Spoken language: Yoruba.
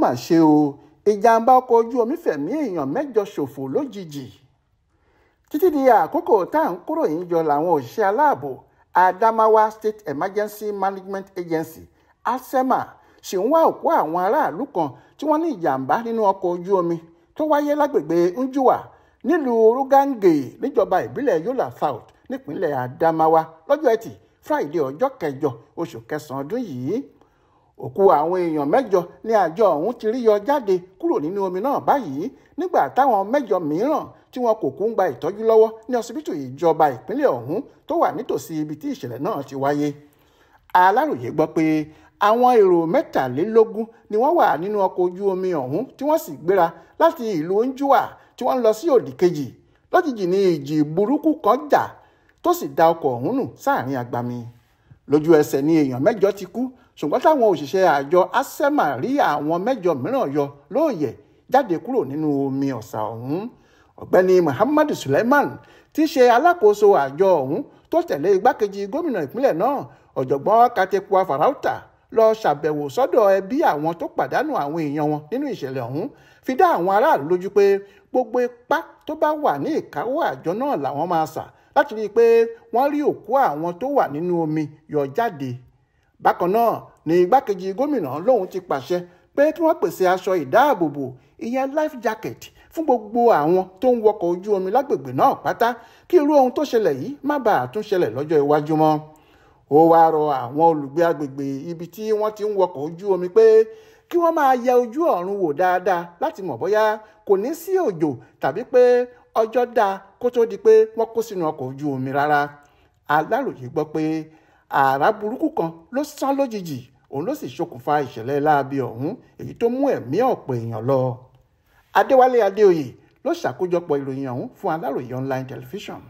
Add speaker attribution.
Speaker 1: mà ṣe o ìjàmbá ọkọ̀ ojú omi fẹ̀mí èèyàn mẹ́jọ ṣòfò lójijì títí di àkókò tá à ń kúrò yìí jọ làwọn òṣìṣẹ́ aláàbò Adamawa State Emergency Management Agency ASEMA ṣì ń wá òkú àwọn aráàlú kan tí wọ́n ní ìjàmbá nínú ọkọ̀ ojú omi tó wáyé lágbègbè Njuwa nílùú Rugange níjọba ìbílẹ̀ Yola South nípínlẹ̀ Adamawa lọ́jọ́ Ẹtì Friday ọjọ́ kẹjọ oṣù kẹsàn-án ọdún yìí òkú àwọn èèyàn mẹ́jọ ní àjọ ọ̀hún ti rí yọ jáde kúrò nínú omi náà báyìí nígbà táwọn mẹ́jọ mìíràn tí wọn kò kún gba ìtọ́jú lọ́wọ́ ní ọsibítù ìjọba ìpínlẹ̀ ọ̀hún tó wà nítòsí ibi tí ìṣẹ̀lẹ̀ náà ti wáyé. aláròye gbọ́ pé àwọn èrò mẹ́tàlélógún ni wọ́n wà nínú ọkọ̀ ojú omi ọ̀hún tí wọ́n sì gbéra láti ìlú njúwà tí wọ́n lọ sí òdì kejì lójijì ní ìjì burúkú kan jà tó sì da ọkọ̀ ọ̀hún nù sáàrin agbami lójú ẹsẹ̀ ni èèyàn mẹ́jọ ti kú ṣùgbọ́n táwọn òṣìṣẹ́ àjọ asema rí àwọn mẹ́jọ mìíràn yọ lóòyẹ̀ jáde kúrò nínú omi ọ̀sà ọ̀hún ọ̀gbẹ́ni Muhammadu Suleiman tí ṣe alákòóso àjọ ọ̀hún tó tẹ̀lé igbákejì gómìnà ìpínlẹ̀ náà ọ̀jọ̀gbọ́n Katekwa Farauta lọ ṣàbẹ̀wò sọ́dọ̀ ẹbí àwọn tó pàdánù àwọn èèyàn wọn nínú ìṣẹ̀lẹ̀ ọ̀hún fi dá àwọn aráàlú lójú pé gbogbo ipá tó bá wà ní ìkáwọ́ àjọ náà làwọn máa sà láti rí i pé wọ́n rí òkú àwọn tó wà nínú omi yọ jáde bákan náà ni igbákejì gómìnà lòun ti pàṣẹ pé kí wọ́n pèsè aṣọ ìdáàbòbò ìyẹn life jacket fún gbogbo àwọn tó ń wọkọ̀ ojú omi lágbègbè náà pátá kí irú ohun tó ṣẹlẹ̀ yìí má bàa tún ṣẹlẹ̀ lọ́jọ́ iwájú mọ́ ó wáá rọ àwọn olùgbé agbègbè ibi tí wọ́n ti ń wọkọ̀ ojú omi pé kí wọ́n máa yẹ ojú ọ̀run wò dáadáa láti mọ̀ bóyá kò ní sí òjò tàbí pé ọjọ́ dáa kó tó di pé wọ́n kó sínú ọkọ̀ ojú omi rárá aláròye gbọ́ pé àrá burúkú kan ló sán lójijì òun ló sì ṣokùnfà ìṣẹ̀lẹ̀ láabi ọ̀hún èyí tó mú ẹ̀mí ọ̀pọ̀ èèyàn lọ. adéwálé adéoyè ló ṣàkójọpọ̀ ìròyìn ọ̀hún fún aláròye online television.